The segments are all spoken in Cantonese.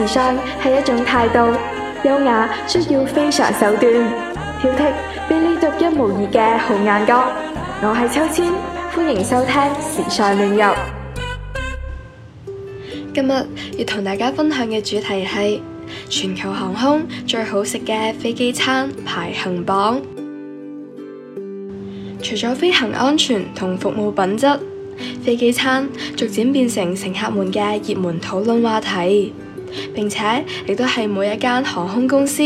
時尚係一種態度，優雅需要非常手段，挑剔俾你獨一無二嘅好眼光。我係秋千，歡迎收聽時尚亂入。今日要同大家分享嘅主題係全球航空最好食嘅飛機餐排行榜。除咗飛行安全同服務品質，飛機餐逐漸變成乘客們嘅熱門討論話題。並且亦都係每一間航空公司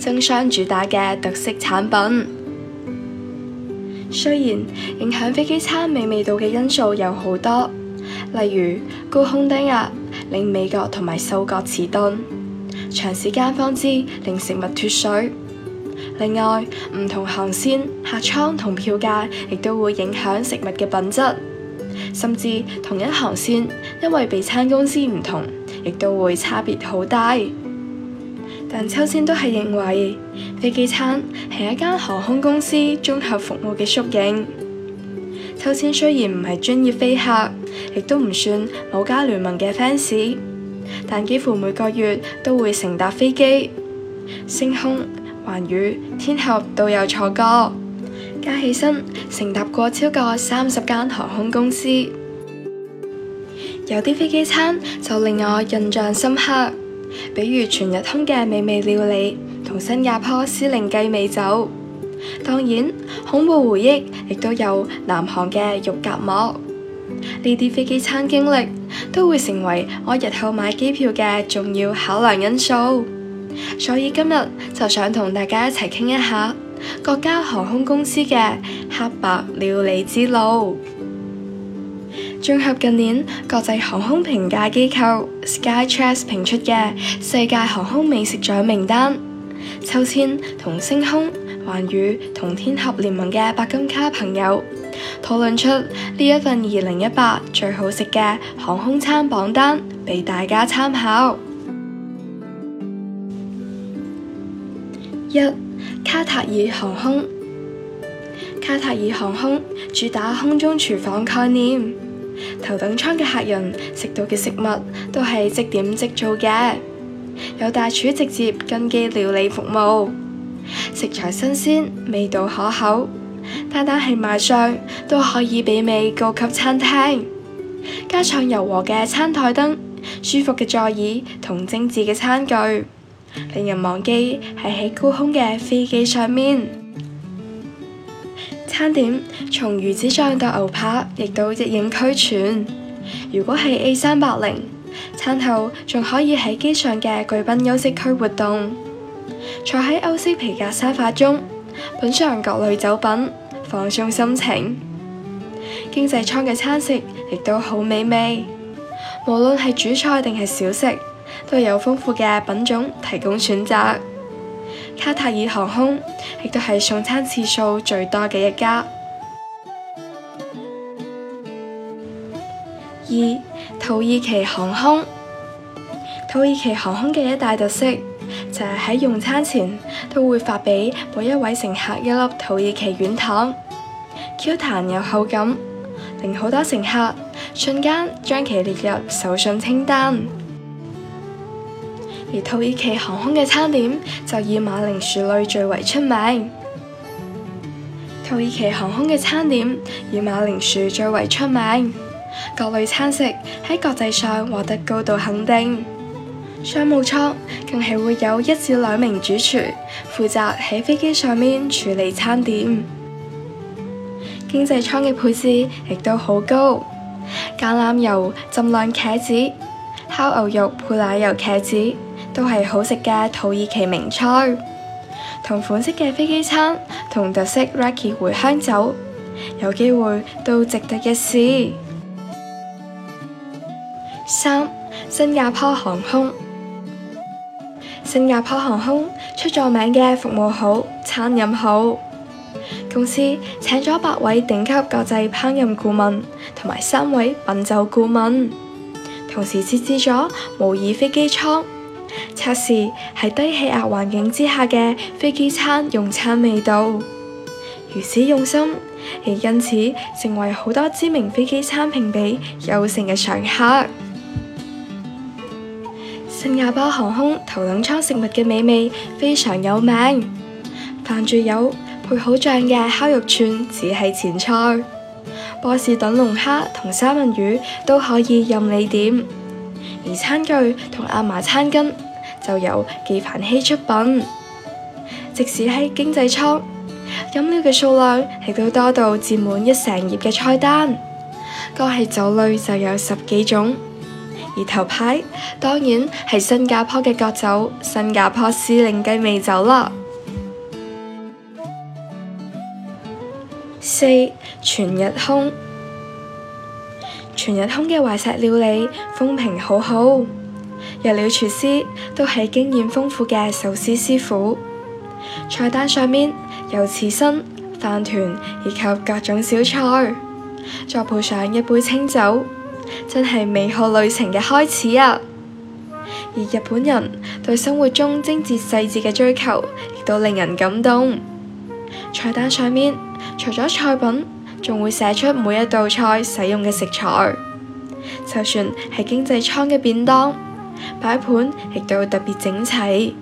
爭相主打嘅特色產品。雖然影響飛機餐美味度嘅因素有好多，例如高空低壓令味覺同埋嗅覺遲鈍，長時間放置令食物脫水。另外，唔同航線、客艙同票價亦都會影響食物嘅品質。甚至同一航線，因為備餐公司唔同，亦都會差別好大。但秋千都係認為，飛機餐係一間航空公司綜合服務嘅縮影。秋千雖然唔係專業飛客，亦都唔算某家聯盟嘅 fans，但幾乎每個月都會乘搭飛機，星空、寰宇、天合都有坐過。加起身，乘搭過超過三十間航空公司，有啲飛機餐就令我印象深刻，比如全日空嘅美味料理同新加坡司令雞尾酒。當然，恐怖回憶亦都有南航嘅肉夾饃。呢啲飛機餐經歷都會成為我日後買機票嘅重要考量因素，所以今日就想同大家一齊傾一下。各家航空公司嘅黑白料理之路，綜合近年國際航空評價機構 Skytrax 評出嘅世界航空美食獎名單，秋千同星空，寰宇同天合聯盟嘅白金卡朋友，討論出呢一份二零一八最好食嘅航空餐榜單，俾大家參考。一，卡塔爾航空，卡塔爾航空主打空中廚房概念，頭等艙嘅客人食到嘅食物都係即點即做嘅，有大廚直接跟機料理服務，食材新鮮，味道可口，單單係賣相都可以媲美高級餐廳，加上柔和嘅餐台燈、舒服嘅座椅同精緻嘅餐具，令人忘記係喺高空嘅飛機上面。餐點從魚子醬到牛扒，亦都一應俱全。如果係 A380，餐後仲可以喺機上嘅貴賓休息區活動，坐喺歐式皮革沙發中，品嚐各類酒品，放鬆心情。經濟艙嘅餐食亦都好美味，無論係主菜定係小食。都有豐富嘅品種提供選擇。卡塔爾航空亦都係送餐次數最多嘅一家。二、土耳其航空，土耳其航空嘅一大特色就係喺用餐前都會發俾每一位乘客一粒土耳其軟糖，Q 彈有口感，令好多乘客瞬間將其列入手信清單。而土耳其航空嘅餐點就以馬鈴薯類最為出名。土耳其航空嘅餐點以馬鈴薯最為出名，各類餐食喺國際上獲得高度肯定。商務艙更係會有一至兩名主廚負責喺飛機上面處理餐點。經濟艙嘅配置亦都好高，橄欖油浸釀茄子，烤牛肉配奶油茄子。都係好食嘅土耳其名菜，同款式嘅飛機餐，同特色 Raki 茴香酒，有機會都值得一試。三，新加坡航空，新加坡航空出咗名嘅服務好，餐飲好。公司請咗八位頂級國際烹飪顧問，同埋三位品酒顧問，同時設置咗模擬飛機艙。測試係低氣壓環境之下嘅飛機餐用餐味道，如此用心，亦因此成為好多知名飛機餐評比優勝嘅常客。新加坡航空頭等艙食物嘅美味非常有名，飯住有配好醬嘅烤肉串，只係前菜。波士頓龍蝦同三文魚都可以任你點，而餐具同亞麻餐巾，就由紀梵希出品，即使喺經濟艙，飲料嘅數量亦都多到佔滿一整頁嘅菜單，光係酒類就有十幾種，而頭牌當然係新加坡嘅國酒——新加坡司令雞尾酒啦。四、全日空，全日空嘅懷石料理風評好好。日料廚師都係經驗豐富嘅壽司師傅。菜單上面有刺身、飯團以及各種小菜，再配上一杯清酒，真係美好旅程嘅開始啊！而日本人對生活中精緻細緻嘅追求，亦都令人感動。菜單上面除咗菜品，仲會寫出每一道菜使用嘅食材。就算係經濟艙嘅便當，擺盤亦都特別整齊，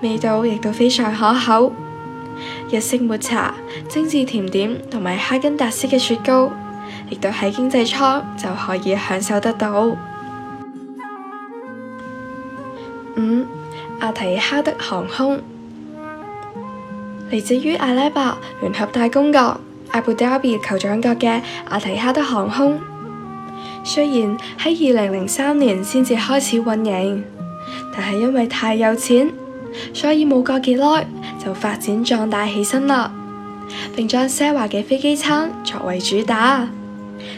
味道亦都非常可口。日式抹茶、精緻甜點同埋哈根達斯嘅雪糕，亦都喺經濟艙就可以享受得到。五、阿提哈德航空嚟自於阿拉伯聯合大公國阿布達比酋長國嘅阿提哈德航空。雖然喺二零零三年先至開始運營，但係因為太有錢，所以冇過幾耐就發展壯大起身啦，並將奢華嘅飛機餐作為主打，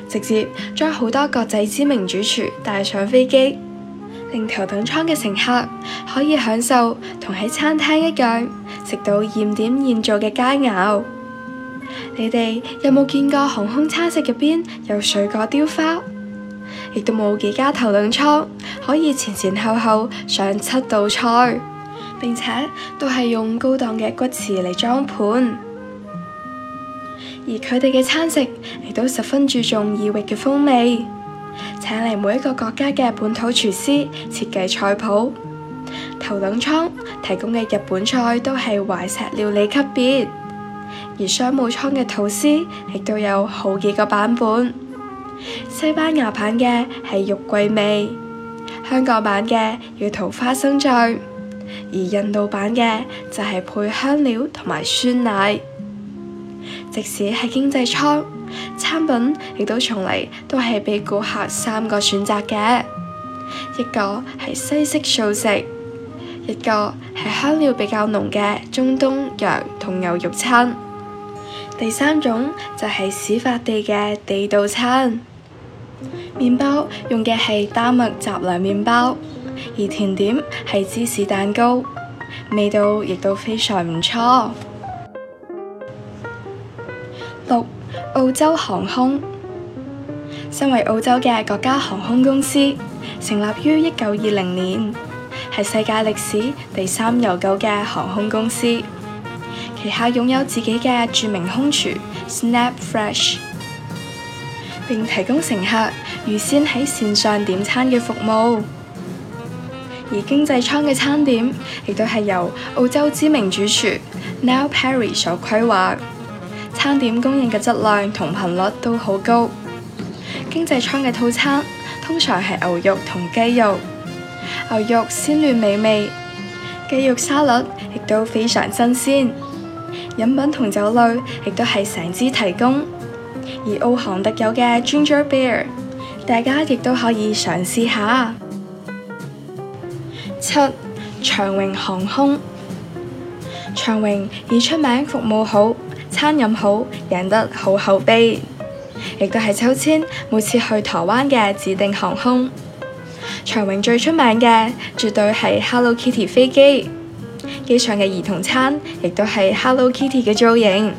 直接將好多國際知名主廚帶上飛機，令頭等艙嘅乘客可以享受同喺餐廳一樣食到現點現做嘅佳餚。你哋有冇見過航空餐食入邊有水果雕花？亦都冇幾家頭等艙可以前前後後上七道菜，並且都係用高檔嘅骨瓷嚟裝盤。而佢哋嘅餐食亦都十分注重異域嘅風味，請嚟每一個國家嘅本土廚師設計菜譜。頭等艙提供嘅日本菜都係懷石料理級別，而商務艙嘅吐司亦都有好幾個版本。西班牙版嘅係肉桂味，香港版嘅要塗花生醬，而印度版嘅就係配香料同埋酸奶。即使係經濟艙，餐品亦從都從嚟都係俾顧客三個選擇嘅，一個係西式素食，一個係香料比較濃嘅中東羊同牛肉餐，第三種就係始發地嘅地道餐。麵包用嘅係丹麥雜糧麵包，而甜點係芝士蛋糕，味道亦都非常唔錯。六，澳洲航空，身為澳洲嘅國家航空公司，成立於一九二零年，係世界歷史第三悠久嘅航空公司，旗下擁有自己嘅著名空廚 SnapFresh。並提供乘客預先喺線上點餐嘅服務，而經濟艙嘅餐點亦都係由澳洲知名主廚 Neil Perry 所規劃，餐點供應嘅質量同頻率都好高。經濟艙嘅套餐通常係牛肉同雞肉，牛肉鮮嫩美味，雞肉沙律亦都非常新鮮。飲品同酒類亦都係成支提供。而澳航特有嘅 Ginger Beer，大家亦都可以嘗試下。七、長榮航空，長榮以出名服務好、餐飲好，贏得好口碑，亦都係秋千每次去台灣嘅指定航空。長榮最出名嘅絕對係 Hello Kitty 飛機，機場嘅兒童餐亦都係 Hello Kitty 嘅造型。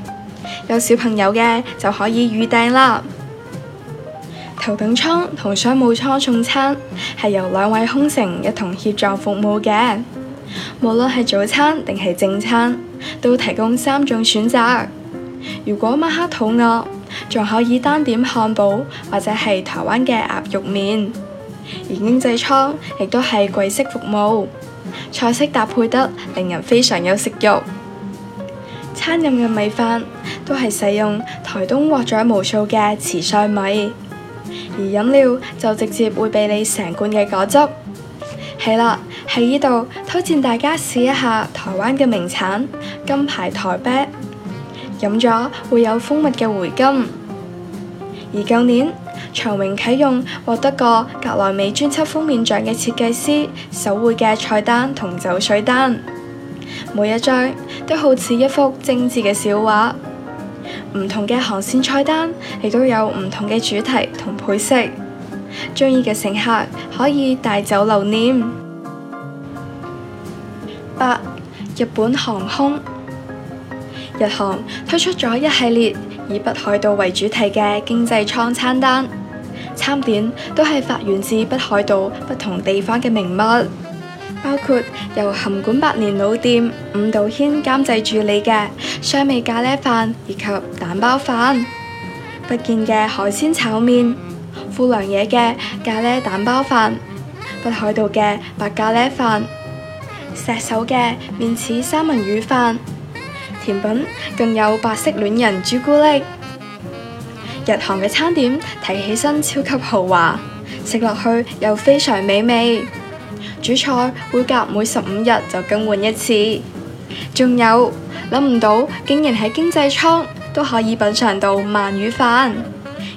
有小朋友嘅就可以預訂啦。頭等艙同商務艙送餐係由兩位空乘一同協助服務嘅，無論係早餐定係正餐，都提供三種選擇。如果晚黑肚餓，仲可以單點漢堡或者係台灣嘅鴨肉麵。而經濟艙亦都係跪式服務，菜式搭配得令人非常有食慾。餐飲嘅米飯。都係使用台東獲咗無數嘅慈善米，而飲料就直接會俾你成罐嘅果汁。係啦，喺呢度推薦大家試一下台灣嘅名產金牌台啤，飲咗會有蜂蜜嘅回甘。而舊年長榮啟用獲得過格萊美專輯封面獎嘅設計師手繪嘅菜單同酒水單，每一張都好似一幅精緻嘅小畫。唔同嘅航線菜單，亦都有唔同嘅主題同配色，鍾意嘅乘客可以帶走留念。八，日本航空，日航推出咗一系列以北海道為主題嘅經濟艙餐單，餐點都係發源自北海道不同地方嘅名物。包括由函館百年老店五道軒監製處理嘅雙味咖喱飯，以及蛋包飯；北見嘅海鮮炒麵，富良野嘅咖喱蛋包飯，北海道嘅白咖喱飯，石狩嘅麵豉三文魚飯。甜品更有白色戀人朱古力。日韓嘅餐點睇起身超級豪華，食落去又非常美味。主菜會隔每十五日就更換一次，仲有諗唔到竟然喺經濟艙都可以品嚐到鰻魚飯，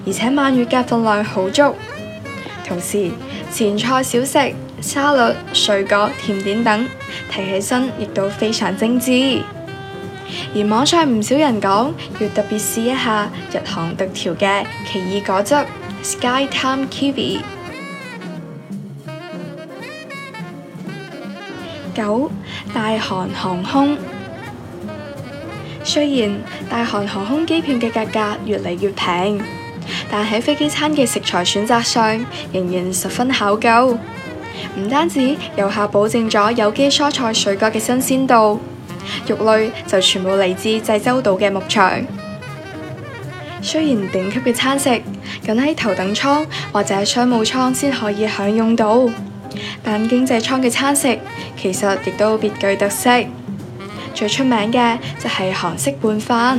而且鰻魚嘅份量好足。同時前菜小食、沙律、水果、甜點等提起身亦都非常精緻。而網上唔少人講要特別試一下日航特調嘅奇異果汁 Skytime Kiwi。Sky Time Ki 九、大韓航空，雖然大韓航空機票嘅價格格越嚟越平，但喺飛機餐嘅食材選擇上仍然十分考究。唔單止有效保證咗有機蔬菜水果嘅新鮮度，肉類就全部嚟自濟州島嘅牧場。雖然頂級嘅餐食僅喺頭等艙或者商務艙先可以享用到。但經濟艙嘅餐食其實亦都別具特色，最出名嘅就係韓式拌飯，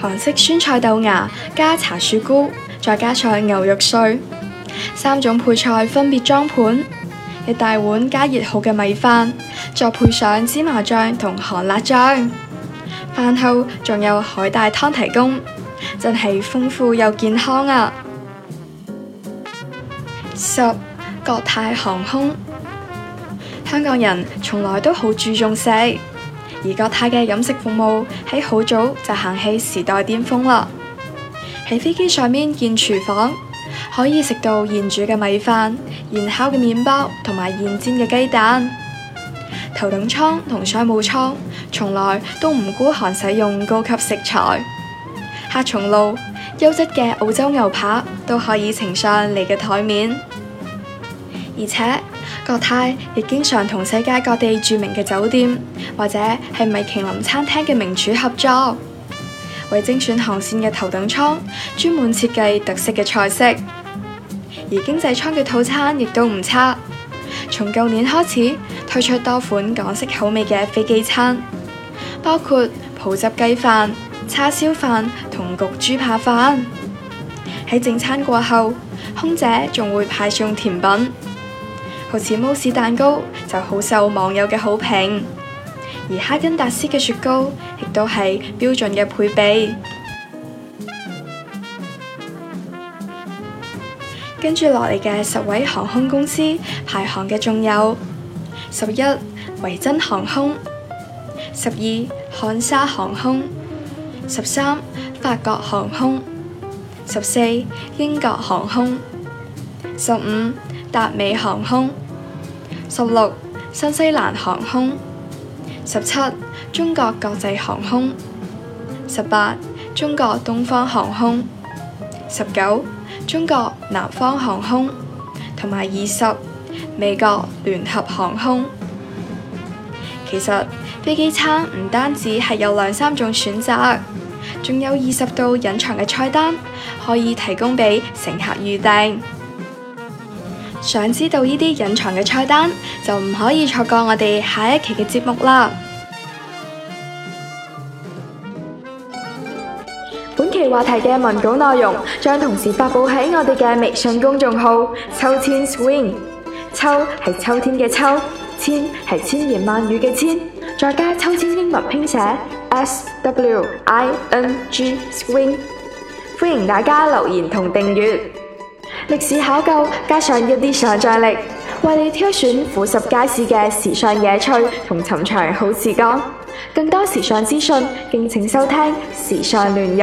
韓式酸菜豆芽加茶樹菇，再加上牛肉碎，三種配菜分別裝盤，一大碗加熱好嘅米飯，再配上芝麻醬同韓辣醬，飯後仲有海帶湯提供，真係豐富又健康啊！十。國泰航空，香港人從來都好注重食，而國泰嘅飲食服務喺好早就行喺時代巔峰啦。喺飛機上面建廚房，可以食到現煮嘅米飯、現烤嘅麵包同埋現煎嘅雞蛋。頭等艙同商務艙從來都唔孤寒，使用高級食材，黑松露、優質嘅澳洲牛扒都可以呈上你嘅台面。而且國泰亦經常同世界各地著名嘅酒店或者係米其林餐廳嘅名廚合作，為精選航線嘅頭等艙專門設計特色嘅菜式，而經濟艙嘅套餐亦都唔差。從舊年開始推出多款港式口味嘅飛機餐，包括葡汁雞飯、叉燒飯同焗豬扒飯。喺正餐過後，空姐仲會派送甜品。好似慕斯蛋糕就好受網友嘅好評，而哈根達斯嘅雪糕亦都係標準嘅配備。跟住落嚟嘅十位航空公司排行嘅仲有：十一維珍航空，十二漢莎航空，十三法國航空，十四英國航空，十五達美航空。十六、16，新西蘭航空；十七、中國國際航空；十八、中國東方航空；十九、中國南方航空；同埋二十、美國聯合航空。其實飛機餐唔單止係有兩三種選擇，仲有二十道隱藏嘅菜單可以提供俾乘客預訂。想知道呢啲隱藏嘅菜單，就唔可以錯過我哋下一期嘅節目啦！本期話題嘅文稿內容將同時發佈喺我哋嘅微信公眾號“秋千 swing”，秋係秋天嘅秋，千係千言萬語嘅千，再加秋千英文拼寫 S W I N G swing，歡迎大家留言同訂閱。歷史考究加上一啲想像力，為你挑選俯拾皆是嘅時尚野趣同尋常好時光。更多時尚資訊，敬請收聽《時尚亂入》。